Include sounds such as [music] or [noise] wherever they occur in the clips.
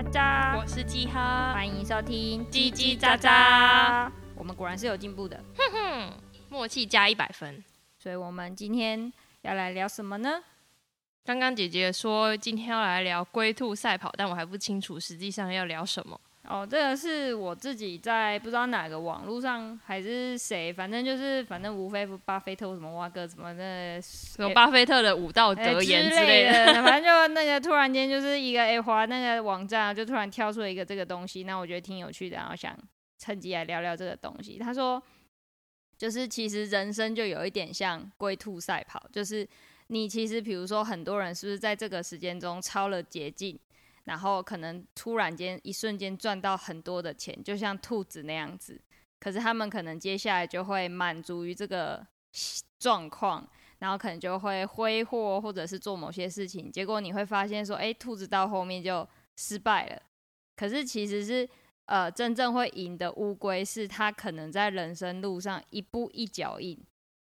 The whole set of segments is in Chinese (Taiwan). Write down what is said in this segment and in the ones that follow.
喳喳，我是雞哈，歡迎收聽嘰嘰喳喳喳。我們果然是有進步的，哼哼，默契加一百分。所以，我們今天要來聊什麼呢？剛剛姐姐說今天要來聊龜兔賽跑，但我還不清楚實際上要聊什麼。哦，這個是我自己在不知道哪個網絡上還是誰，反正就是反正無非巴菲特什麼哇哥什麼的，麼、欸、巴菲特的武道德言之類的。欸、類的 [laughs] 反正就那個突然間就是一個哎，花、欸、那個網站就突然跳出了一個這個東西，那我覺得挺有趣的，然後想趁機來聊聊這個東西。他說，就是其實人生就有一點像龜兔賽跑，就是你其實比如說很多人是不是在這個時間中抄了捷徑。然後可能突然間一瞬間賺到很多的錢，就像兔子那樣子。可是他們可能接下來就會滿足於這個狀況，然後可能就會揮霍或者是做某些事情。結果你會發現說，誒，兔子到後面就失敗了。可是其實是呃，真正會贏的烏龜是它可能在人生路上一步一腳印，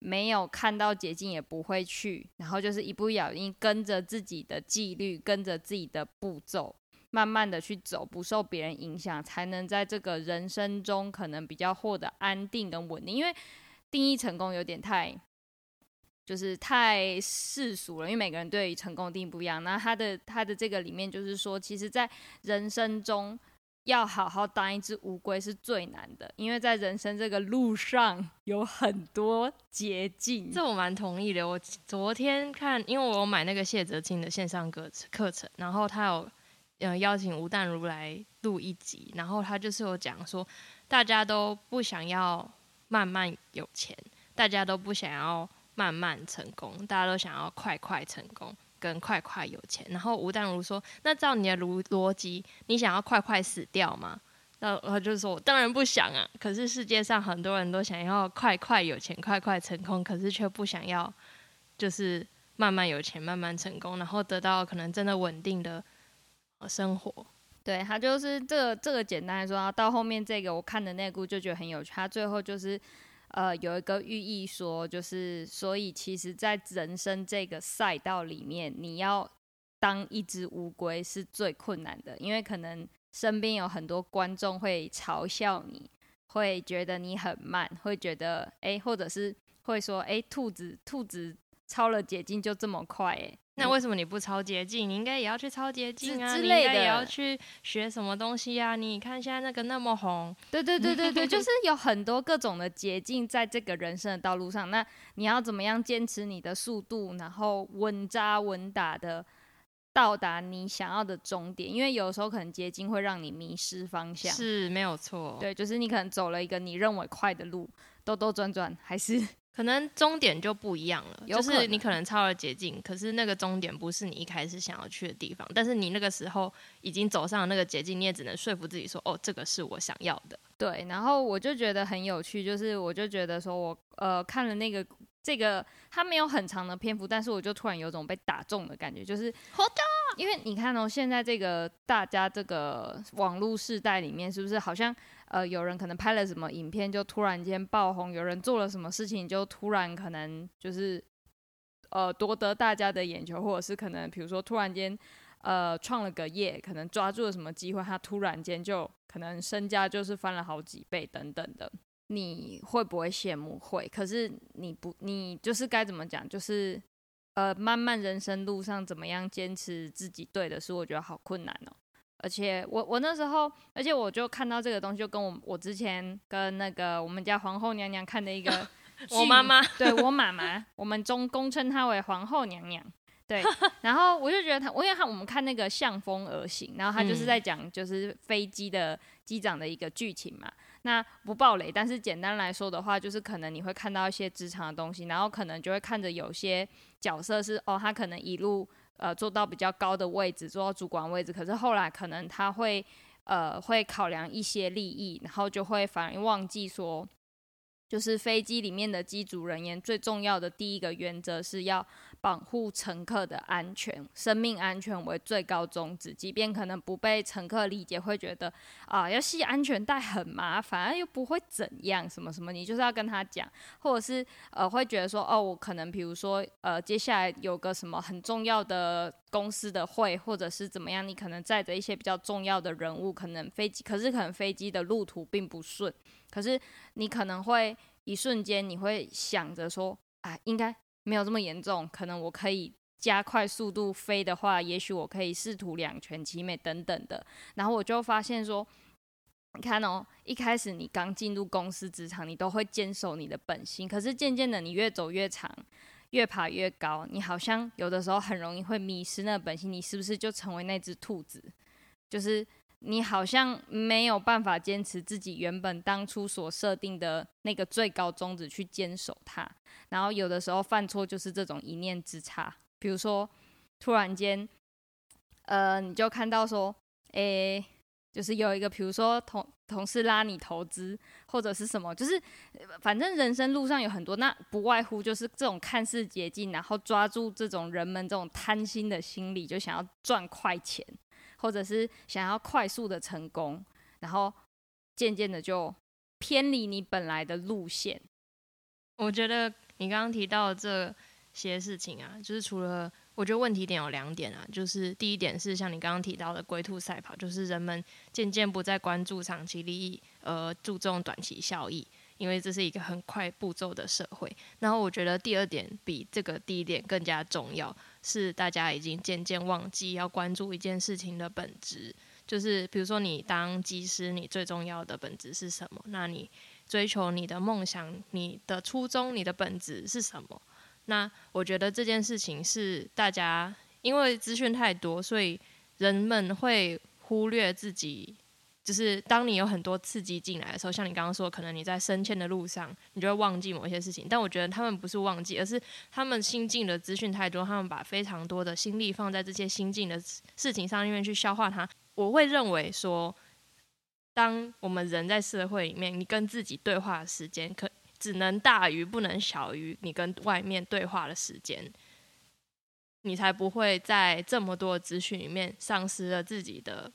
沒有看到捷徑也不會去，然後就是一步一腳印，跟着自己的紀律，跟着自己的步驟，慢慢的去走，不受別人影響，才能在這個人生中可能比較獲得安定跟穩定。因為定義成功有點太，就是太世俗了。因為每個人對於成功定義不一樣，那他的他的這個裡面就是說，其實，在人生中。要好好當一隻烏龜是最難的，因為在人生這個路上有很多捷徑。這我蠻同意的。我昨天看，因為我有買那個謝哲青的線上課課程，然後他有嗯、呃、邀請吳淡如來錄一集，然後他就是有講說，大家都不想要慢慢有錢，大家都不想要慢慢成功，大家都想要快快成功。跟快快有錢，然後吳淡如說：“那照你的邏邏輯，你想要快快死掉嗎？”那他就說：“我當然不想啊，可是世界上很多人都想要快快有錢、快快成功，可是卻不想要就是慢慢有錢、慢慢成功，然後得到可能真的穩定的生活。”對，對，他就是這個這個簡單來說啊，到後面這個我看的那部就覺得很有趣，他最後就是。呃，有一個寓意說，就是所以其實，在人生這個賽道裡面，你要當一隻烏龜是最困難的，因為可能身邊有很多觀眾會嘲笑你，會覺得你很慢，會覺得哎，或者是會說哎，兔子，兔子抄了捷徑就這麼快誒。那為什麼你不抄捷徑？你應該也要去抄捷徑、啊、之類的，你也要去學什麼東西啊？你看現在那個那麼紅，對對對對對， [laughs] 就是有很多各種的捷徑在這個人生的道路上。那你要怎麼樣堅持你的速度，然後穩紮穩打的到達你想要的終點？因為有時候可能捷徑會讓你迷失方向，是沒有錯。對，就是你可能走了一個你認為快的路，兜兜轉轉還是。可能終點就不一樣了，就是你可能抄了捷徑，可是那個終點不是你一開始想要去的地方。但是你那個時候已經走上了那個捷徑，你也只能說服自己說：“哦，這個是我想要的。”對。然後我就覺得很有趣，就是我就覺得說我，我呃看了那個這個，它沒有很長的篇幅，但是我就突然有種被打中的感覺，就是好的，因為你看哦、喔，現在這個大家這個網絡世代裡面，是不是好像？呃，有人可能拍了什麼影片就突然間爆紅，有人做了什麼事情就突然可能就是，呃，奪得大家的眼球，或者是可能比如說突然間，呃，創了個業，可能抓住了什麼機會，他突然間就可能身家就是翻了好幾倍等等的。你會不會羨慕？會。可是你不，你就是該怎麼講，就是呃，漫漫人生路上怎麼樣堅持自己對的事，我覺得好困難哦。而且我我那時候，而且我就看到這個東西，就跟我我之前跟那個我們家皇後娘娘看的一個、啊、我媽媽，對我媽媽，我們中共稱她為皇後娘娘。對， [laughs] 然後我就覺得她，我也看，我們看那個《向風而行》，然後她就是在講就是飛機的、嗯、機長的一個劇情嘛。那不爆雷，但是簡單來說的話，就是可能你會看到一些職場的東西，然後可能就會看着有些角色是哦，她可能一路。呃，做到比較高的位置，做到主管位置，可是後來可能他會，呃，會考量一些利益，然後就會反而忘記說，就是飛機裡面的機組人員最重要的第一個原則是要。保護乘客的安全，生命安全為最高宗旨。即便可能不被乘客理解，會覺得啊、呃，要繫安全帶很麻煩，又不會怎樣，什麼什麼。你就是要跟他講，或者是呃，會覺得說，哦、呃，我可能，比如說，呃，接下來有個什麼很重要的公司的會，或者是怎麼樣，你可能載着一些比較重要的人物，可能飛機，可是可能飛機的路途並不順，可是你可能會一瞬間，你會想着說，啊應該。沒有這麼嚴重，可能我可以加快速度飛的話，也許我可以試圖兩全其美等等的。然後我就發現說，你看哦，一開始你剛進入公司職場，你都會堅守你的本心，可是漸漸的，你越走越長，越爬越高，你好像有的時候很容易會迷失那個本心，你是不是就成為那隻兔子？就是。你好像沒有辦法堅持自己原本當初所設定的那個最高宗旨去堅守它，然後有的時候犯錯就是這種一念之差。比如說，突然間，呃，你就看到說，哎、欸，就是有一個，比如說同同事拉你投資，或者是什麼，就是反正人生路上有很多，那不外乎就是這種看似捷徑，然後抓住這種人們這種貪心的心理，就想要賺快錢。或者是想要快速的成功，然後漸漸的就偏離你本來的路線。我覺得你剛剛提到這些事情啊，就是除了我覺得問題點有兩點啊，就是第一點是像你剛剛提到的龜兔賽跑，就是人們漸漸不再關注長期利益，而注重短期效益，因為這是一個很快步驟的社會。然後我覺得第二點比這個第一點更加重要。是大家已經漸漸忘記要關注一件事情的本質，就是比如說你當技師，你最重要的本質是什麼？那你追求你的夢想、你的初衷、你的本質是什麼？那我覺得這件事情是大家因為資訊太多，所以人們會忽略自己。就是當你有很多刺激進來的時候，像你剛剛說，可能你在升遷的路上，你就會忘記某些事情。但我覺得他們不是忘記，而是他們新進的資訊太多，他們把非常多的心力放在這些新進的事情上面去消化它。我會認為說，當我們人在社會裡面，你跟自己對話的時間可只能大於，不能小於你跟外面對話的時間，你才不會在這麼多的資訊裡面喪失了自己的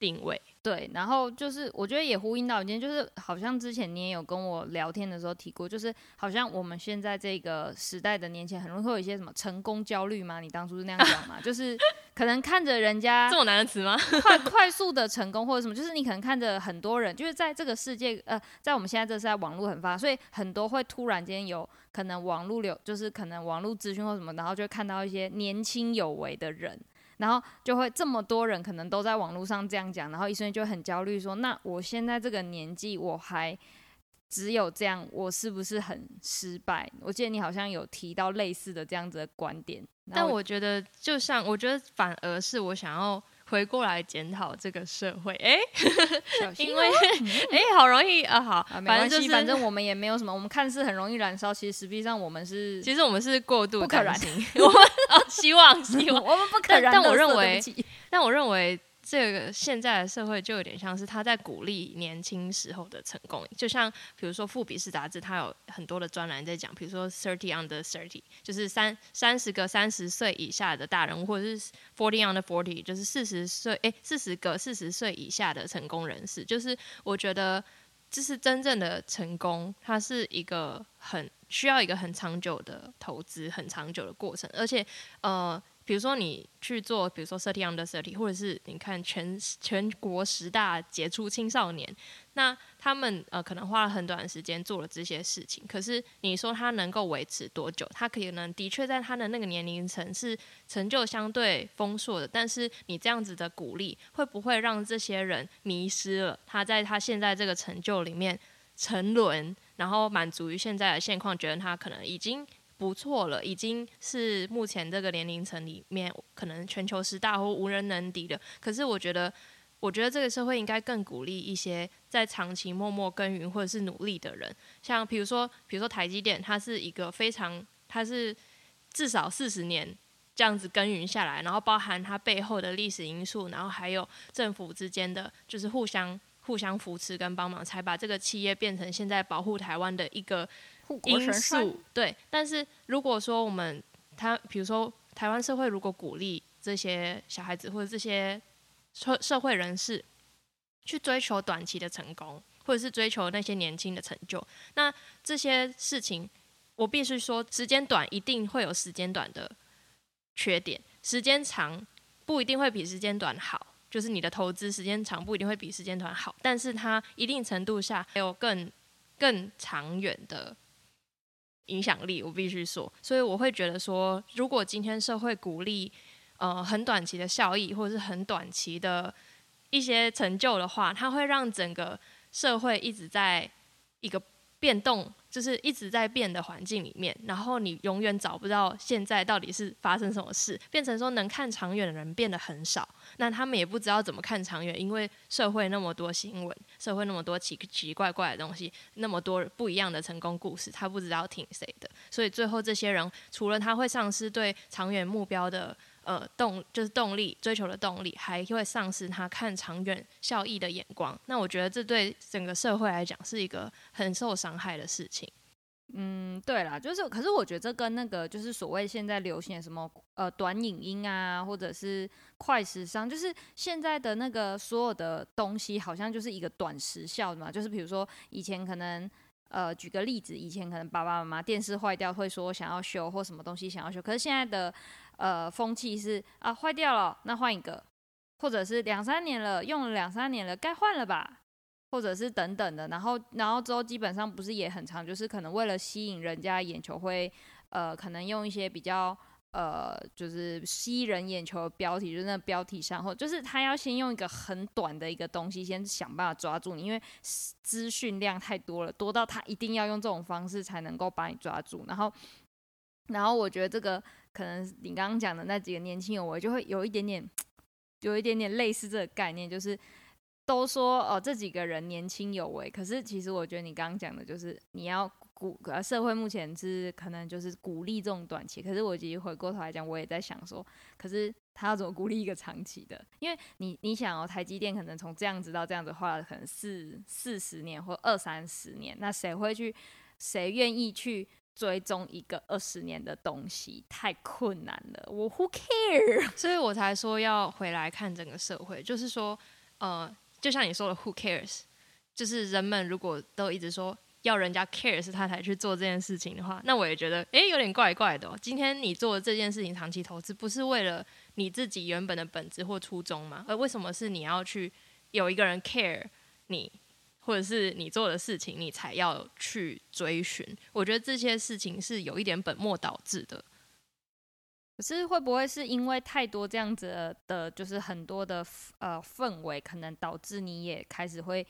定位。對，然後就是我覺得也呼應到一點，就是好像之前你也有跟我聊天的時候提過，就是好像我們現在這個時代的年輕很容易會有一些什麼成功焦慮嗎？你當初是那樣講嗎？ [laughs] 就是可能看着人家這麼難的詞嗎？ [laughs] 快快速的成功或者什麼，就是你可能看着很多人，就是在這個世界呃，在我們現在這個時代網絡很發達，所以很多會突然間有可能網絡流，就是可能網絡資訊或什麼，然後就會看到一些年輕有為的人。然後就會這麼多人可能都在網絡上這樣講，然後醫生就會很焦慮說，說那我現在這個年紀我還只有這樣，我是不是很失敗？我記得你好像有提到類似的這樣子的觀點，但我覺得就像我覺得反而是我想要。回過來檢討這個社會，哎、欸喔，因為哎、欸，好容易啊，好啊，好，反正就是，反正我們也沒有什麼，我們看似很容易燃燒，其實實際上我們是，其實我們是過度的不可燃 [laughs] 我們、 [laughs] 哦、希望，希望 [laughs] 我們不可燃，但，但，我 [laughs] 但我認為，但我認為。這個現在的社會就有點像是他在鼓勵年輕時候的成功，就像比如說《富比士》雜誌，它有很多的專欄在講，比如說 Thirty Under Thirty，就是三三十個三十歲以下的大人，或者是 Forty Under Forty，就是四十歲誒，四十個四十歲以下的成功人士。就是我覺得這是真正的成功，它是一個很需要一個很長久的投資，很長久的過程，而且呃。比如說你去做，比如說30 under 30，或者是你看全全國十大傑出青少年，那他們呃可能花了很短的時間做了這些事情，可是你說他能夠維持多久？他可能的確在他的那個年齡層是成就相對豐碩的，但是你這樣子的鼓勵，會不會讓這些人迷失了？他在他現在這個成就裡面沉淪，然後滿足於現在的現況，覺得他可能已經。不錯了，已經是目前這個年齡層裡面可能全球十大或無人能敵的。可是我覺得，我覺得這個社會應該更鼓勵一些在長期默默耕耘或者是努力的人。像比如說，比如說台積電，它是一個非常，它是至少四十年這樣子耕耘下來，然後包含它背後的歷史因素，然後還有政府之間的就是互相互相扶持跟幫忙，才把這個企業變成現在保護台灣的一個。因素對，但是如果說我們，他比如說台灣社會如果鼓勵這些小孩子或者這些社社會人士去追求短期的成功，或者是追求那些年輕的成就，那這些事情我必須說，時間短一定會有時間短的缺點，時間長不一定會比時間短好，就是你的投資時間長不一定會比時間短好，但是它一定程度下還有更更長遠的影響力，我必須說，所以我會覺得說，如果今天社會鼓勵呃很短期的效益或者是很短期的一些成就的話，它會讓整個社會一直在一個。變動就是一直在變的環境裡面，然後你永遠找不到現在到底是發生什麼事，變成說能看長遠的人變得很少。那他們也不知道怎麼看長遠，因為社會那麼多新聞，社會那麼多奇奇怪怪的東西，那麼多不一樣的成功故事，他不知道聽誰的，所以最後這些人除了他會喪失對長遠目標的。呃，動就是動力，追求的動力，還會喪失他看長遠效益的眼光。那我覺得這對整個社會來講是一個很受傷害的事情。嗯，對啦，就是，可是我覺得這跟那個就是所謂現在流行的什麼呃短影音啊，或者是快時尚，就是現在的那個所有的東西，好像就是一個短時效的嘛。就是比如說以前可能呃舉個例子，以前可能爸爸媽媽電視壞掉會說想要修或什麼東西想要修，可是現在的。呃，風氣是啊，壞掉了，那換一個，或者是兩三年了，用了兩三年了，該換了吧，或者是等等的，然後然後之後基本上不是也很長，就是可能為了吸引人家的眼球會，會呃，可能用一些比較呃，就是吸人眼球的標題，就是那標題上，或就是他要先用一個很短的一個東西，先想辦法抓住你，因為資訊量太多了，多到他一定要用這種方式才能夠把你抓住，然後然後我覺得這個。可能你剛剛講的那幾個年輕有為，就會有一點點，就有一點點類似這個概念，就是都說哦，這幾個人年輕有為。可是其實我覺得你剛剛講的，就是你要鼓呃，社會目前是可能就是鼓勵這種短期。可是我其實回過頭來講，我也在想說，可是他要怎麼鼓勵一個長期的？因為你你想哦，台積電可能從這樣子到這樣子，花了可能四四十年或二三十年，那誰會去，誰願意去？追蹤一個二十年的東西太困難了，我 who care，所以我才說要回來看整個社會，就是說，呃，就像你說的 who cares，就是人們如果都一直說要人家 care 是他才去做這件事情的話，那我也覺得哎、欸、有點怪怪的、喔。今天你做的這件事情長期投資，不是為了你自己原本的本質或初衷嗎？而為什麼是你要去有一個人 care 你？或者是你做的事情，你才要去追尋。我覺得這些事情是有一點本末倒置的。可是會不會是因為太多這樣子的，就是很多的呃氛圍，可能導致你也開始會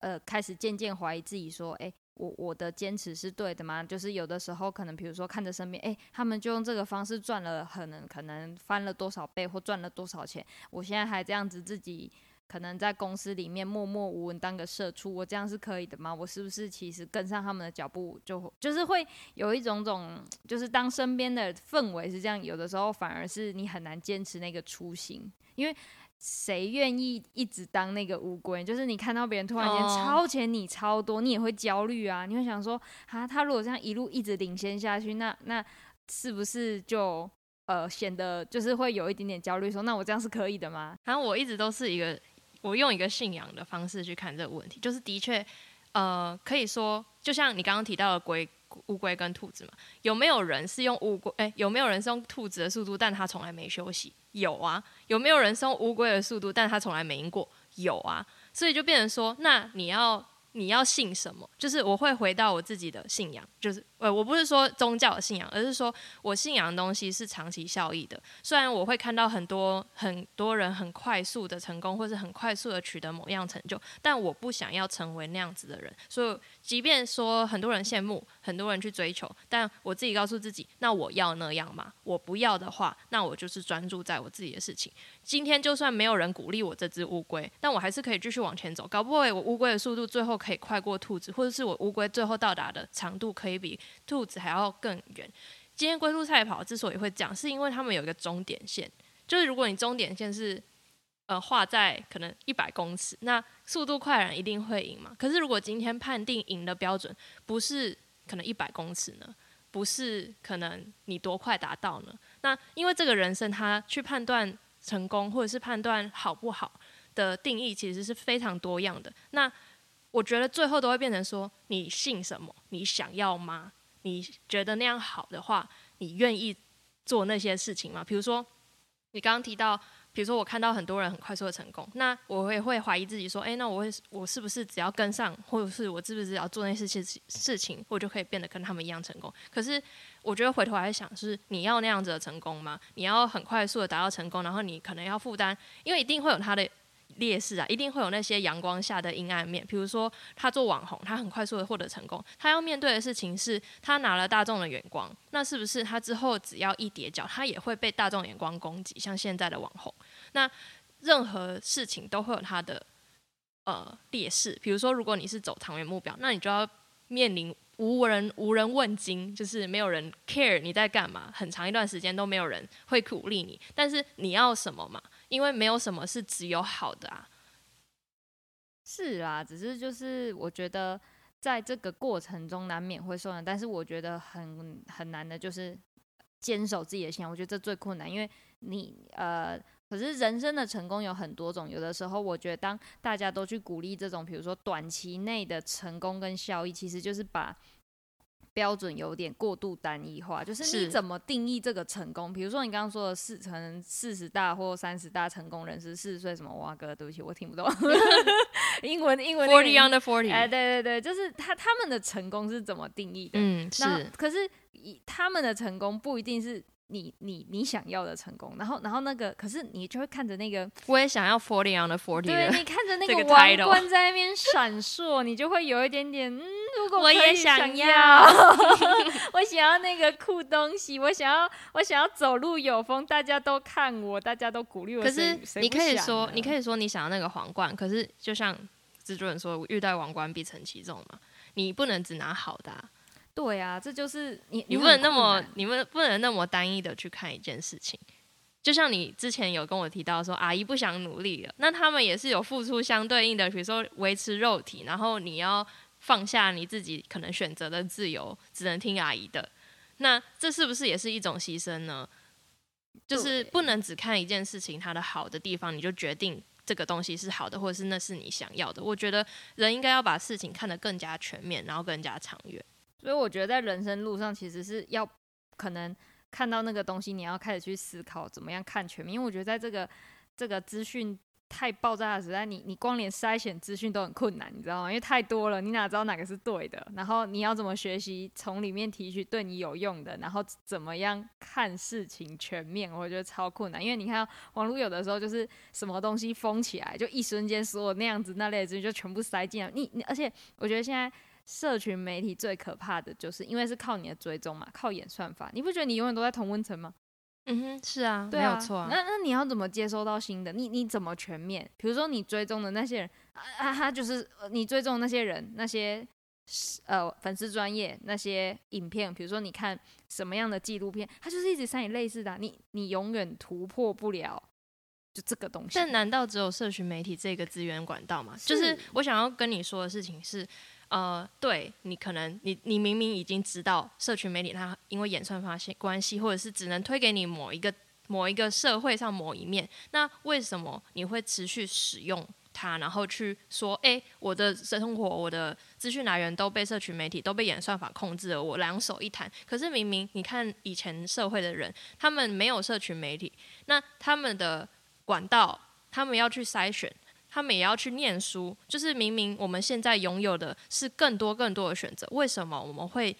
呃開始漸漸懷疑自己，說：“誒，我我的堅持是對的嗎？”就是有的時候可能，比如說看着身邊，誒，他們就用這個方式賺了很，很可能翻了多少倍或賺了多少錢，我現在還這樣子自己。可能在公司裡面默默無聞當個社畜，我這樣是可以的嗎？我是不是其實跟上他們的腳步就就是會有一種種，就是當身邊的氛圍是這樣，有的時候反而是你很難堅持那個初心，因為誰願意一直當那個烏龜？就是你看到別人突然間超前你超多，Oh. 你也會焦慮啊，你會想說哈，他如果這樣一路一直領先下去，那那是不是就呃顯得就是會有一點點焦慮？說那我這樣是可以的嗎？反正我一直都是一個。我用一個信仰的方式去看這個問題，就是的確，呃，可以說，就像你剛剛提到的龜、烏龜跟兔子嘛，有沒有人是用烏龜？誒，有沒有人是用兔子的速度，但他從來沒休息？有啊。有沒有人是用烏龜的速度，但他從來沒贏過？有啊。所以就變成說，那你要。你要信什麼？就是我會回到我自己的信仰，就是呃，我不是說宗教信仰，而是說我信仰的東西是長期效益的。雖然我會看到很多很多人很快速的成功，或是很快速的取得某樣成就，但我不想要成為那樣子的人。所以，即便說很多人羨慕，很多人去追求，但我自己告訴自己，那我要那樣嗎？我不要的話，那我就是專注在我自己的事情。今天就算沒有人鼓勵我這隻烏龜，但我還是可以繼續往前走。搞不好，我烏龜的速度最後可以快過兔子，或者是我烏龜最後到達的長度可以比兔子還要更遠。今天龜兔賽跑之所以會講，是因為他們有一個終點線，就是如果你終點線是呃畫在可能一百公尺，那速度快人一定會贏嘛。可是如果今天判定贏的標準不是可能一百公尺呢，不是可能你多快達到呢？那因為這個人生他去判斷成功或者是判斷好不好的定義，其實是非常多樣的。那我覺得最後都會變成說：你信什麼？你想要嗎？你覺得那樣好的話，你願意做那些事情嗎？比如說，你剛剛提到。比如說，我看到很多人很快速的成功，那我也會懷疑自己說，誒、欸，那我會，我是不是只要跟上，或者是我知不知道做那些事情事情，我就可以變得跟他們一樣成功？可是我覺得回頭來想，就是你要那樣子的成功嗎？你要很快速的達到成功，然後你可能要負擔，因為一定會有他的劣勢啊，一定會有那些陽光下的陰暗面。比如說，他做網紅，他很快速的獲得成功，他要面對的事情是，他拿了大眾的眼光，那是不是他之後只要一跌跤，他也會被大眾眼光攻擊？像現在的網紅。那任何事情都會有它的呃劣勢，比如說，如果你是走長遠目標，那你就要面臨無人無人問津，就是沒有人 care 你在幹嘛，很長一段時間都沒有人會鼓勵你。但是你要什麼嘛？因為沒有什麼是只有好的啊。是啊，只是就是我覺得在這個過程中難免會受難，但是我覺得很很難的就是堅守自己的信仰，我覺得這最困難，因為你呃。可是人生的成功有很多種，有的時候我覺得，當大家都去鼓勵這種，比如說短期內的成功跟效益，其實就是把標準有點過度單一化。就是你怎麼定義這個成功？比如說你剛剛說的四成四十大或三十大成功人士四十歲什麼哇哥，對不起，我聽不懂，英 [laughs] 文 [laughs] 英文。Forty on the forty。哎、欸，對對對，就是他他們的成功是怎麼定義的？嗯，那可是以他們的成功不一定是。你你你想要的成功，然後然後那個，可是你就會看着那個，我也想要 forty on the forty，對、這個、你看着那個王冠在那邊閃爍， [laughs] 你就會有一點點，嗯，如果我也想要，我 [laughs] 想要那個酷東西， [laughs] 我想要我想要走路有風，大家都看我，大家都鼓勵我。可是你可以說，你可以說你想要那個皇冠，可是就像蜘蛛人說，欲戴王冠必承其重嘛，你不能只拿好的。對呀，這就是你你，你不能那麼你不能那麼單一的去看一件事情。就像你之前有跟我提到說阿姨不想努力了，那他們也是有付出相對應的，比如說維持肉體，然後你要放下你自己可能選擇的自由，只能聽阿姨的。那這是不是也是一種犧牲呢？就是不能只看一件事情它的好的地方，你就決定這個東西是好的，或者是那是你想要的。我覺得人應該要把事情看得更加全面，然後更加長遠。所以我覺得在人生路上，其實是要可能看到那個東西，你要開始去思考怎麼樣看全面。因為我覺得在這個這個資訊太爆炸的時代，你你光連篩選資訊都很困難，你知道嗎？因為太多了，你哪知道哪個是對的？然後你要怎麼學習從裡面提取對你有用的？然後怎麼樣看事情全面？我覺得超困難。因為你看網絡有的時候就是什麼東西封起來，就一瞬間所有那樣子那類的資訊就全部塞進來。你你而且我覺得現在。社群媒體最可怕的就是，因為是靠你的追蹤嘛，靠演算法，你不覺得你永遠都在同溫層嗎？嗯哼，是啊，對啊，沒有錯啊。那那你要怎麼接收到新的？你你怎麼全面？比如說你追蹤的那些人，啊哈、啊啊，就是你追蹤的那些人，那些呃粉絲專頁那些影片，比如說你看什麼樣的紀錄片，它就是一直上你類似的、啊，你你永遠突破不了就這個東西。但難道只有社群媒體這個資源管道嗎？是，就是我想要跟你說的事情是。呃，對你可能你你明明已經知道，社群媒體它因為演算法關係，或者是只能推給你某一個某一個社會上某一面，那為什麼你會持續使用它，然後去說，哎，我的生活、我的資訊來源都被社群媒體都被演算法控制了，我兩手一攤。可是明明你看以前社會的人，他們沒有社群媒體，那他們的管道，他們要去篩選。他們也要去念書，就是明明我們現在擁有的是更多更多的選擇，為什麼我們會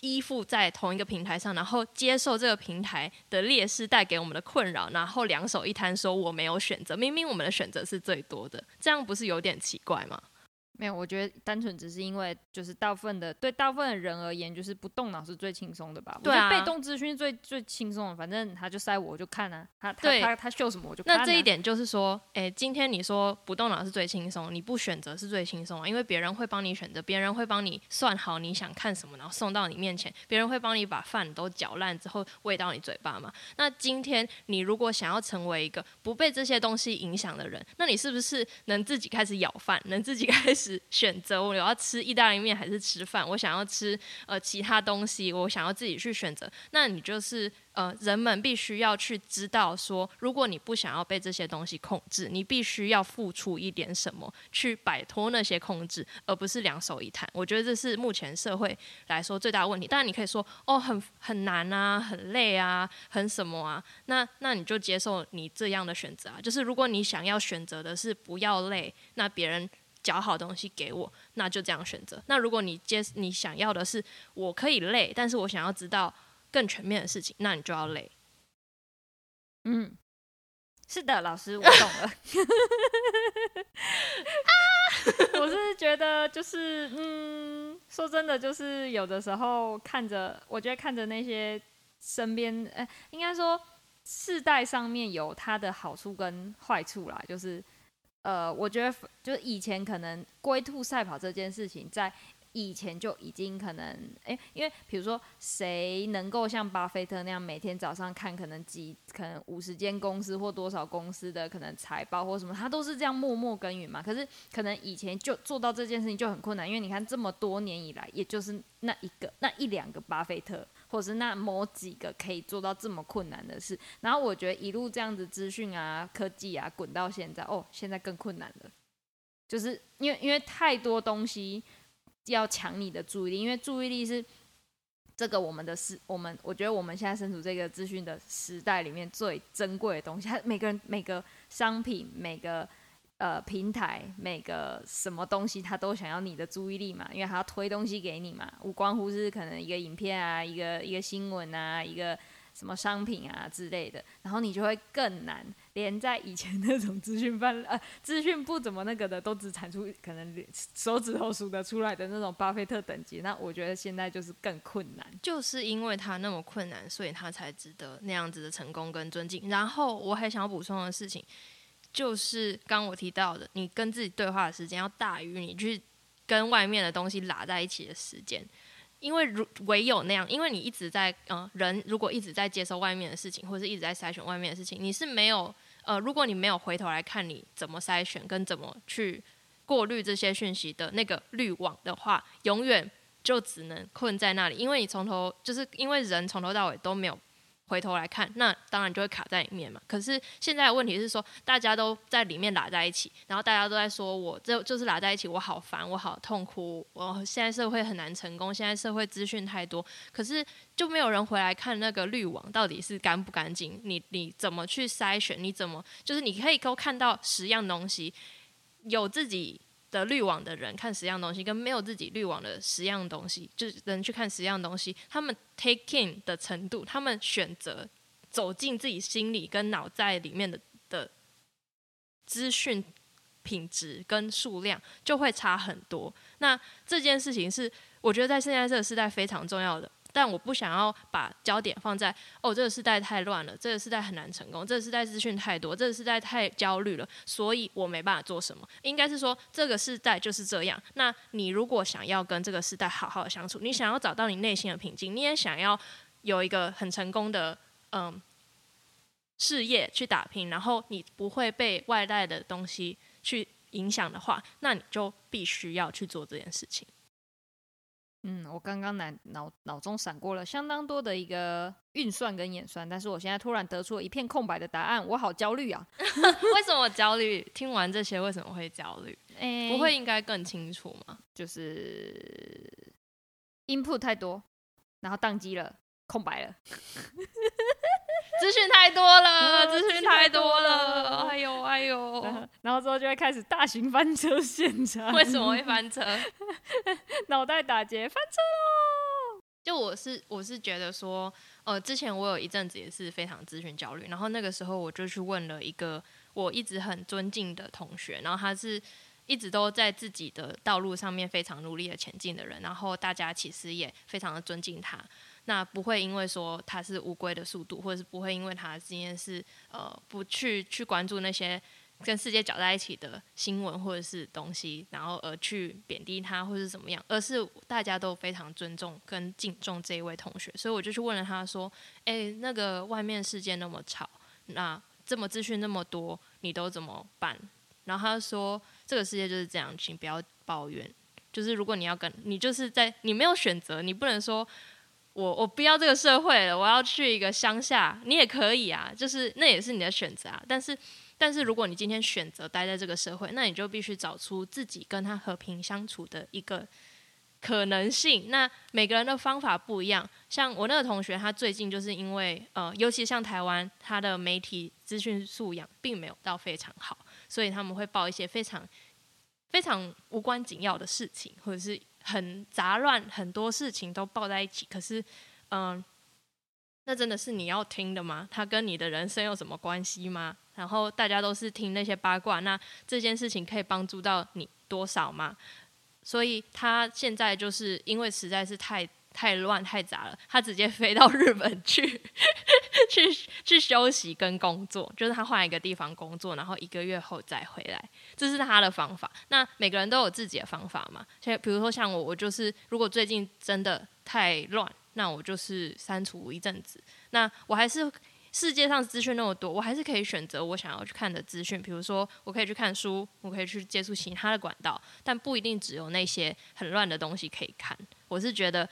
依附在同一個平台上，然後接受這個平台的劣勢帶給我們的困擾，然後兩手一攤說我沒有選擇？明明我們的選擇是最多的，這樣不是有點奇怪嗎？沒有，我覺得單純只是因為，就是大部分的對大部分的人而言，就是不動腦是最輕鬆的吧？對啊。我覺得被動資訊最最輕鬆，反正他就塞我，我就看啊。他他他秀什麼我就看啊。那這一點就是說，哎、欸，今天你說不動腦是最輕鬆，你不選擇是最輕鬆啊？因為別人會幫你選擇，別人會幫你算好你想看什麼，然後送到你面前，別人會幫你把飯都攪爛之後餵到你嘴巴嘛。那今天你如果想要成為一個不被這些東西影響的人，那你是不是能自己開始咬飯，能自己開始？選擇我，我要吃意大利麵還是吃飯？我想要吃呃其他東西，我想要自己去選擇。那你就是呃，人們必須要去知道說，如果你不想要被這些東西控制，你必須要付出一點什麼去擺脫那些控制，而不是兩手一攤。我覺得這是目前社會來說最大的問題。但，你可以說哦，很很難啊，很累啊，很什麼啊？那那你就接受你這樣的選擇啊。就是如果你想要選擇的是不要累，那別人。找好東西給我，那就這樣選擇。那如果你接你想要的是我可以累，但是我想要知道更全面的事情，那你就要累。嗯，是的，老師，我懂了。 [laughs] [laughs] 啊、 [laughs] 我是覺得就是，嗯，說真的，就是有的時候看着，我覺得看着那些身邊、呃，應該說世代上面有它的好處跟壞處啦，就是。呃，我覺得就是以前可能龜兔賽跑這件事情，在，以前就已經可能誒，因為比如說誰能夠像巴菲特那樣每天早上看可能幾可能五十間公司或多少公司的可能財報或什麼，他都是這樣默默耕耘嘛。可是可能以前就做到這件事情就很困難，因為你看這麼多年以來，也就是那一個那一兩個巴菲特，或者是那某幾個可以做到這麼困難的事。然後我覺得一路這樣子資訊啊、科技啊滾到現在，哦，現在更困難了，就是因為因為太多東西。要搶你的注意力，因為注意力是這個我們的時我們我覺得我們現在身處這個資訊的時代裡面最珍貴的東西。他每個人，每個商品，每個呃平台，每個什麼東西，他都想要你的注意力嘛，因為他要推東西給你嘛。無關乎是可能一個影片啊，一個一個新聞啊，一個什麼商品啊之類的，然後你就會更難。連在以前那種資訊泛呃資訊不怎麼那個的，都只產出可能手指頭數得出來的那種巴菲特等級。那我覺得現在就是更困難，就是因為他那麼困難，所以他才值得那樣子的成功跟尊敬。然後我還想要補充的事情，就是剛我提到的，你跟自己對話的時間要大於你，你去跟外面的東西拉在一起的時間，因為如唯有那樣，因為你一直在嗯，人如果一直在接受外面的事情，或者一直在篩選外面的事情，你是沒有。呃，如果你沒有回頭來看你怎麼篩選跟怎麼去過濾這些訊息的那個濾網的話，永遠就只能困在那裡，因為你從頭就是因為人從頭到尾都沒有。回頭來看，那當然就會卡在裡面嘛。可是現在的問題是說，大家都在裡面拉在一起，然後大家都在說，我這就是拉在一起，我好煩，我好痛苦，我、哦、現在社會很難成功，現在社會資訊太多，可是就沒有人回來看那個濾網到底是乾不乾淨？你你怎麼去篩選？你怎麼就是你可以夠看到十樣東西，有自己。的濾網的人看十樣東西，跟沒有自己濾網的十樣東西，就是人去看十樣東西，他們 take in 的程度，他們選擇走進自己心裡跟腦袋裡面的的資訊品質跟數量，就會差很多。那這件事情是我覺得在現在這個時代非常重要的。但我不想要把焦點放在哦，這個時代太亂了，這個時代很難成功，這個時代資訊太多，這個時代太焦慮了，所以我沒辦法做什麼。應該是說，這個時代就是這樣。那你如果想要跟這個時代好好相處，你想要找到你內心的平靜，你也想要有一個很成功的嗯、呃、事業去打拼，然後你不會被外在的東西去影響的話，那你就必須要去做這件事情。嗯，我剛剛腦腦腦中閃過了相當多的一個運算跟演算，但是我現在突然得出了一片空白的答案，我好焦慮啊！ [laughs] 為什麼焦慮？聽完這些為什麼會焦慮、欸？不會應該更清楚嗎？就是 input 太多，然後宕機了，空白了。 [laughs] 資訊太多了，資、哦、訊太多了，哎呦哎呦、呃，然後之後就會開始大型翻車現場。為什麼會翻車？腦 [laughs] 袋打結，翻車嘍！就我是我是覺得說，呃，之前我有一陣子也是非常資訊焦慮，然後那個時候我就去問了一個我一直很尊敬的同學，然後他是一直都在自己的道路上面非常努力的前進的人，然後大家其實也非常的尊敬他。那不會因為說他是烏龜的速度，或者是不會因為他今天是呃，不去去關注那些跟世界攪在一起的新聞或者是東西，然後而去貶低他或者是怎麼樣，而是大家都非常尊重跟敬重這一位同學，所以我就去問了他說：“哎、欸，那個外面世界那麼吵，那這麼資訊那麼多，你都怎麼辦？”然後他說：“這個世界就是這樣，請不要抱怨。就是如果你要跟你就是在你沒有選擇，你不能說。”我我不要這個社會了，我要去一個鄉下。你也可以啊，就是那也是你的選擇啊。但是，但是如果你今天選擇待在這個社會，那你就必須找出自己跟他和平相處的一個可能性。那每個人的方法不一樣，像我那個同學，他最近就是因為呃，尤其像台灣，他的媒體資訊素養並沒有到非常好，所以他們會報一些非常非常無關緊要的事情，或者是。很雜亂，很多事情都抱在一起。可是，嗯、呃，那真的是你要聽的嗎？它跟你的人生有什麼關係嗎？然後大家都是聽那些八卦，那這件事情可以幫助到你多少嗎？所以，他現在就是因為實在是太。太亂太雜了，他直接飛到日本去，去去休息跟工作，就是他換一個地方工作，然後一個月後再回來，這是他的方法。那每個人都有自己的方法嘛。像比如說像我，我就是如果最近真的太亂，那我就是刪除一陣子。那我還是世界上資訊那麼多，我還是可以選擇我想要去看的資訊。比如說，我可以去看書，我可以去接觸其他的管道，但不一定只有那些很亂的東西可以看。我是覺得。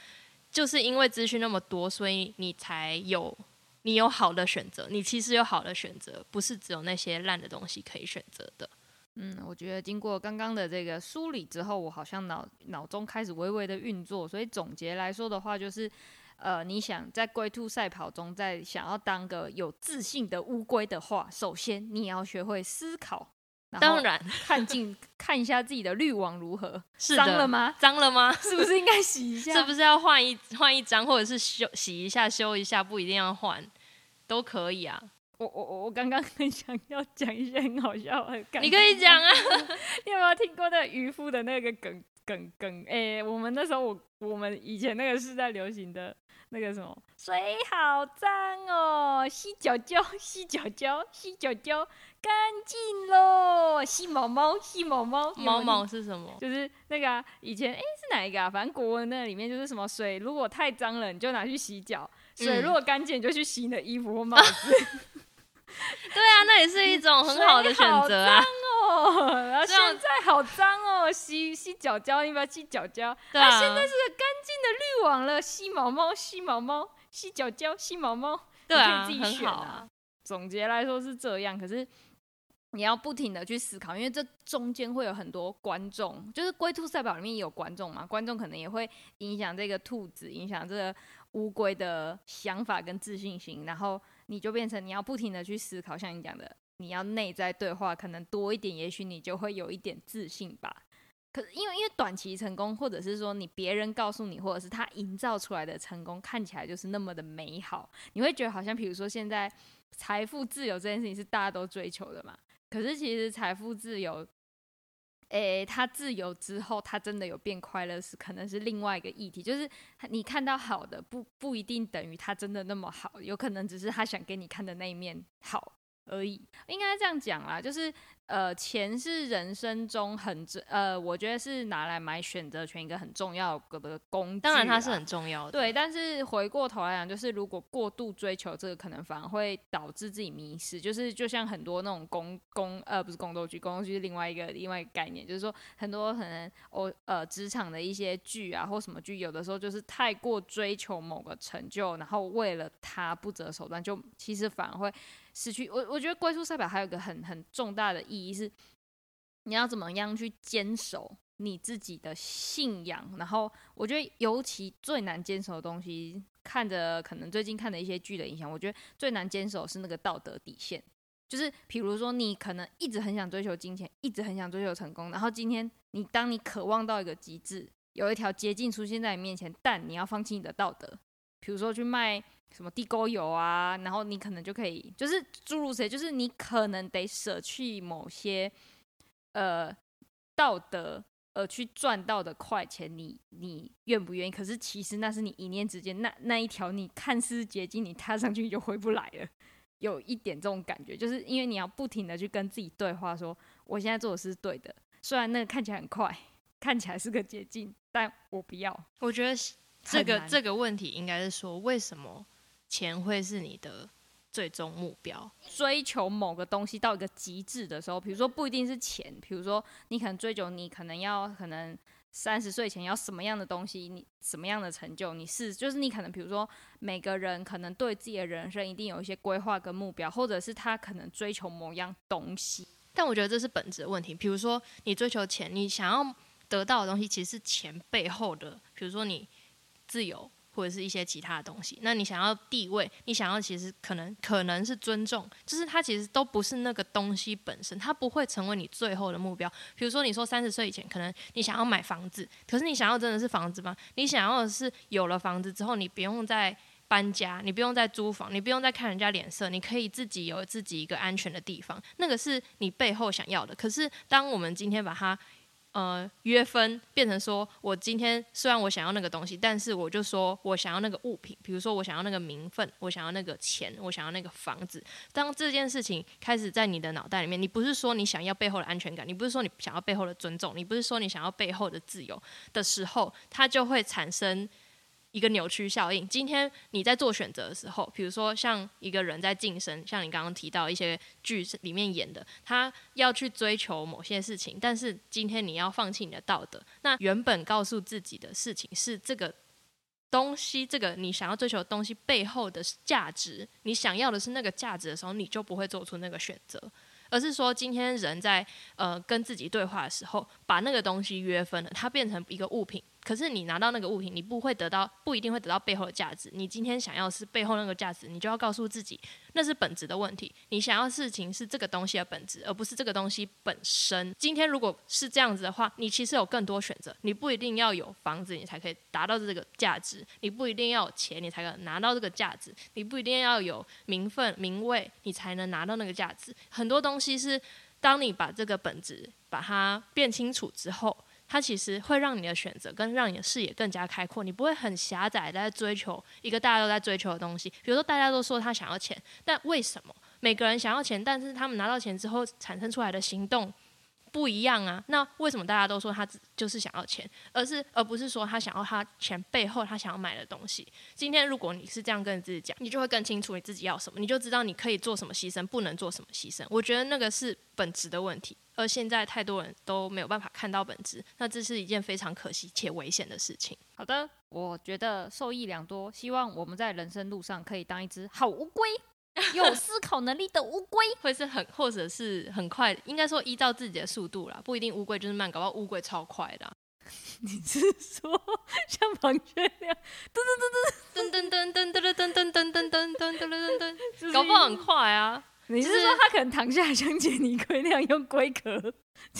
就是因為資訊那麼多，所以你才有你有好的選擇。你其實有好的選擇，不是只有那些爛的東西可以選擇的。嗯，我覺得經過剛剛的這個梳理之後，我好像腦腦中開始微微的運作。所以總結來說的話，就是呃，你想在龜兔賽跑中，在想要當個有自信的烏龜的話，首先你要學會思考。當然，然看進， [laughs] 看一下自己的濾網如何，髒了嗎？髒了嗎？ [laughs] 是不是應該洗一下？ [laughs] 是不是要換一換一張，或者是修洗一下，修一下，不一定要換，都可以啊。我我我剛剛很想要講一些很好笑的，你可以講啊。你有沒有聽過那個漁夫的那個梗梗梗？哎、欸，我們那時候我我們以前那個是在流行的。那個什麼，水好髒哦，洗腳腳，洗腳腳，洗腳腳，乾淨嘍，洗毛毛，洗毛毛，有有、那個，毛毛是什麼？就是那個、啊、以前哎、欸、是哪一個啊？反正國文那裡面就是什麼水，水如果太髒了，你就拿去洗腳、嗯；水如果乾淨，你就去洗你的衣服或帽子。 [laughs] [laughs] [laughs] 對啊，那也是一種很好的選擇。然後、啊喔啊、現在好髒哦、喔，洗洗腳腳，你不要洗腳腳對、啊啊，現在是乾淨的濾網了，吸毛毛，吸毛毛，吸腳腳、吸毛毛，對啊，你可以自己選啊。總結來說是這樣，可是你要不停地去思考，因為這中間會有很多觀眾，就是龜兔賽跑裡面也有觀眾嘛，觀眾可能也會影響這個兔子，影響這個烏龜的想法跟自信心，然後。你就變成你要不停的去思考，像你講的，你要內在對話，可能多一點，也許你就會有一點自信吧。可是因為因為短期成功，或者是說你別人告訴你，或者是他營造出來的成功，看起來就是那麼的美好，你會覺得好像比如說現在財富自由這件事情是大家都追求的嘛。可是其實財富自由。誒、欸，他自由之後，他真的有變快樂是？可能是另外一個議題，就是你看到好的，不不一定等於他真的那麼好，有可能只是他想給你看的那一面好。而已，應該這樣講啦，就是呃，錢是人生中很呃，我覺得是拿來買選擇權一個很重要的工，當然它是很重要的。對，但是回過頭來講，就是如果過度追求這個，可能反而會導致自己迷失。就是就像很多那種宮、宮呃，不是宮鬥劇，宮鬥劇是另外一個另外一個概念，就是說很多可能我呃職場的一些劇啊或什麼劇，有的時候就是太過追求某個成就，然後為了他不擇手段，就其實反而會。失去我，我覺得龜兔賽跑，還有一個很很重大的意義是，你要怎麼樣去堅守你自己的信仰。然後，我覺得尤其最難堅守的東西，看着可能最近看的一些劇的影響，我覺得最難堅守是那個道德底線。就是比如說，你可能一直很想追求金錢，一直很想追求成功，然後今天你當你渴望到一個極致，有一條捷徑出現在你面前，但你要放棄你的道德。比如說去賣什麼地溝油啊，然後你可能就可以，就是諸如誰，就是你可能得捨去某些呃道德，而去賺到的快錢你，你你願不願意？可是其實那是你一念之間，那那一條你看似捷徑，你踏上去你就回不來了。有一點這種感覺，就是因為你要不停的去跟自己對話說說我現在做的是對的，雖然那個看起來很快，看起來是個捷徑，但我不要。我覺得。這個這個問題應該是說，為什麼錢會是你的最終目標？追求某個東西到一個極致的時候，比如說不一定是錢，比如說你可能追求你可能要可能三十歲前要什麼樣的東西，你什麼樣的成就？你是就是你可能比如說每個人可能對自己的人生一定有一些規劃跟目標，或者是他可能追求某樣東西。但我覺得這是本質的問題。比如說你追求錢，你想要得到的東西其實是錢背後的，比如說你。自由或者是一些其他的東西，那你想要地位，你想要其實可能可能是尊重，就是它其實都不是那個東西本身，它不會成為你最後的目標。比如說，你說三十歲以前可能你想要買房子，可是你想要真的是房子嗎？你想要的是有了房子之後，你不用再搬家，你不用再租房，你不用再看人家臉色，你可以自己有自己一個安全的地方，那個是你背後想要的。可是當我們今天把它，呃，約分變成說，我今天雖然我想要那個東西，但是我就說我想要那個物品，比如說我想要那個名分，我想要那個錢，我想要那個房子。當這件事情開始在你的腦袋裡面，你不是說你想要背後的安全感，你不是說你想要背後的尊重，你不是說你想要背後的自由的時候，它就會產生。一個扭曲效應。今天你在做選擇的時候，比如說像一個人在晉升，像你剛剛提到一些劇裡面演的，他要去追求某些事情，但是今天你要放棄你的道德。那原本告訴自己的事情是這個東西，這個你想要追求的東西背後的價值，你想要的是那個價值的時候，你就不會做出那個選擇，而是說今天人在呃跟自己對話的時候，把那個東西約分了，它變成一個物品。可是你拿到那個物品，你不會得到，不一定會得到背後的價值。你今天想要的是背後那個價值，你就要告訴自己，那是本質的問題。你想要事情是這個東西的本質，而不是這個東西本身。今天如果是這樣子的話，你其實有更多選擇。你不一定要有房子，你才可以達到這個價值；你不一定要有錢，你才能拿到這個價值；你不一定要有名分、名位，你才能拿到那個價值。很多東西是，當你把這個本質把它變清楚之後。它其實會讓你的選擇跟讓你的視野更加開闊，你不會很狹窄的在追求一個大家都在追求的東西。比如說，大家都說他想要錢，但為什麼每個人想要錢，但是他們拿到錢之後產生出來的行動？不一樣啊！那為什麼大家都說他只就是想要錢，而是而不是說他想要他錢背後他想要買的東西？今天如果你是這樣跟你自己講，你就會更清楚你自己要什麼，你就知道你可以做什麼犧牲，不能做什麼犧牲。我覺得那個是本質的問題，而現在太多人都沒有辦法看到本質，那這是一件非常可惜且危險的事情。好的，我覺得受益良多，希望我們在人生路上可以當一只好烏龜。有思考能力的烏龜， [laughs] 會是很，或者是很快，應該說依照自己的速度啦，不一定烏龜就是慢，搞不好烏龜超快的、啊。你是說像螃蟹那樣，噔噔噔噔噔噔噔噔噔噔噔噔噔噔噔噔噔噔噔,噔,噔,噔,噔,噔,噔,噔、就是，搞不好很快啊？你是說它可能躺下像傑尼龜那樣用龜殼、就是？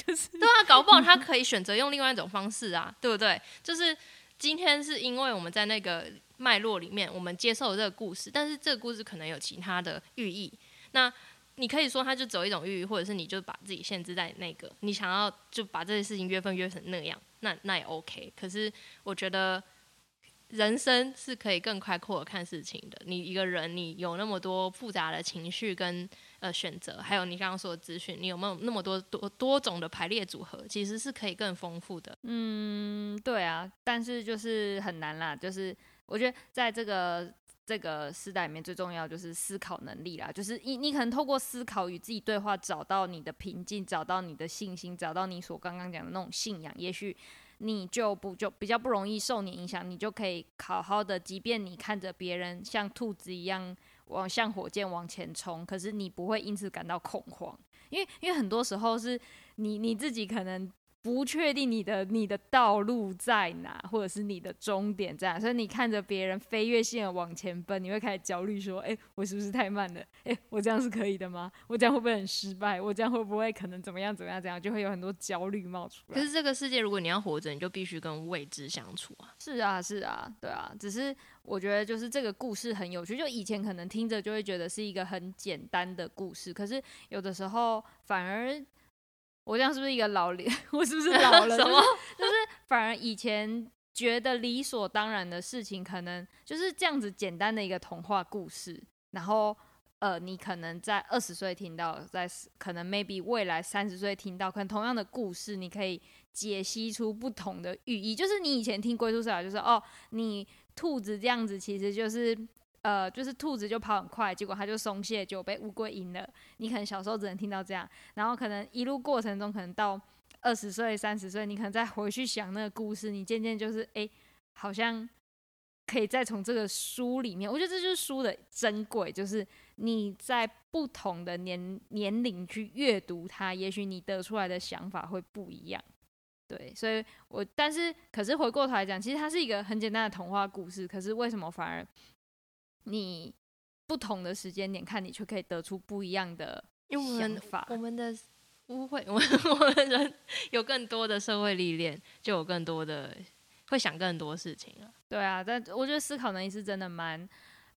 就是對啊，搞不好它可以選擇用另外一種方式啊，對不對？就是。今天是因為我們在那個脈絡裡面，我們接受了這個故事，但是這個故事可能有其他的寓意。那你可以說它就只有一種寓意，或者是你就把自己限制在那個，你想要就把這些事情約分約成那樣，那那也 OK。可是我覺得人生是可以更開闊地看事情的。你一個人，你有那麼多複雜的情緒跟。呃，選擇還有你剛剛說的資訊，你有沒有那麼多多多種的排列組合？其實是可以更豐富的。嗯，對啊，但是就是很難啦。就是我覺得在這個這個時代裡面，最重要就是思考能力啦。就是你你可能透過思考與自己對話，找到你的平靜，找到你的信心，找到你所剛剛講的那種信仰。也許你就不就比較不容易受你影響，你就可以好好的。即便你看着別人像兔子一樣。往像火箭往前衝，可是你不會因此感到恐慌，因為因為很多時候是你你自己可能。不確定你的你的道路在哪，或者是你的終點在哪，所以你看着別人飛躍性的往前奔，你會開始焦慮，說：“欸，我是不是太慢了？欸，我這樣是可以的嗎？我這樣會不會很失敗？我這樣會不會可能怎麼樣怎麼樣怎樣？這樣就會有很多焦慮冒出來。可是這個世界，如果你要活着，你就必須跟未知相處啊！是啊，是啊，對啊。只是我覺得，就是這個故事很有趣。就以前可能聽着就會覺得是一個很簡單的故事，可是有的時候反而……我這樣是不是一個老？我是不是老了？ [laughs] 什麼？就是，就是反而以前覺得理所當然的事情，可能就是這樣子簡單的一個童話故事。然後，呃，你可能在二十歲聽到，在可能 maybe 未來三十歲聽到，可能同樣的故事，你可以解析出不同的寓意。就是你以前聽《龜兔賽跑》就是哦，你兔子這樣子其實就是。呃，就是兔子就跑很快，結果它就鬆懈，就被烏龜贏了。你可能小時候只能聽到這樣，然後可能一路過程中，可能到二十歲、三十歲，你可能再回去想那個故事，你漸漸就是哎、欸，好像可以再從這個書裡面，我覺得這就是書的珍貴，就是你在不同的年年齡去閱讀它，也許你得出來的想法會不一樣。對，所以我但是可是回過頭來講，其實它是一個很簡單的童話故事，可是為什麼反而？你不同的時間點看，你卻可以得出不一樣的想法我。我們的污穢， [laughs] 我們我們人有更多的社會歷練，就有更多的會想更多事情了，啊。對啊，但我覺得思考能力是真的蠻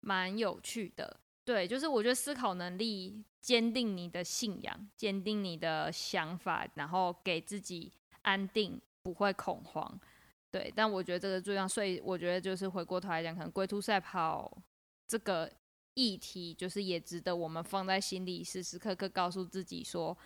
蠻有趣的。對，就是我覺得思考能力堅定你的信仰，堅定你的想法，然後給自己安定，不會恐慌。對，但我覺得這個最重要。所以我覺得就是回過頭來講，可能龜兔賽跑。這個議題就是也值得我們放在心裡，時時刻刻告訴自己說，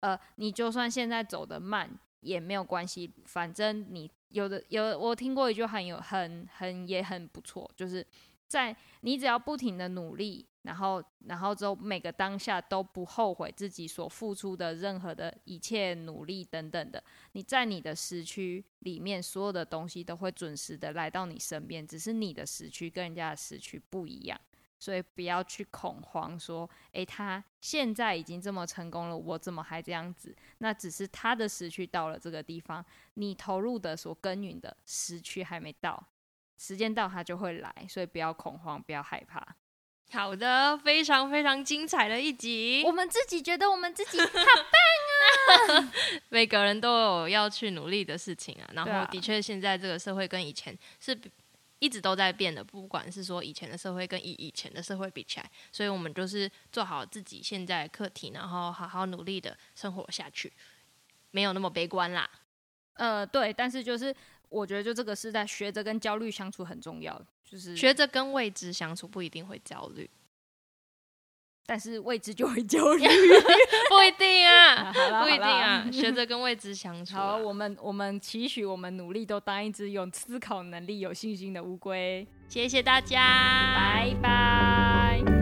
呃，你就算現在走得慢也沒有關係，反正你有的有的，我聽過一句很有很很也很不錯，就是在你只要不停的努力，然後，然後之後，每個當下都不後悔自己所付出的任何的一切努力等等的。你在你的時區裡面，所有的東西都會準時的來到你身邊。只是你的時區跟人家的時區不一樣，所以不要去恐慌。說，誒，他現在已經這麼成功了，我怎麼還這樣子？那只是他的時區到了這個地方，你投入的所耕耘的時區還沒到，時間到他就會來，所以不要恐慌，不要害怕。好的，非常非常精彩的一集。我們自己覺得我們自己好棒啊！ [laughs] 每個人都有要去努力的事情啊。然後，的確，現在這個社會跟以前是一直都在變的。不管是說以前的社會跟以以前的社會比起來，所以我們就是做好自己現在課題，然後好好努力的生活下去，沒有那麼悲觀啦。呃，對，但是就是。我覺得就這個是在學着跟焦慮相處很重要，就是學着跟未知相處不一定會焦慮，但是未知就會焦慮、 [laughs] 啊啊，好啦，不一定啊，不一定啊，學着跟未知相處、啊。好，我們我們期許我們努力都當一隻有思考能力、有信心的烏龜。謝謝大家，拜拜。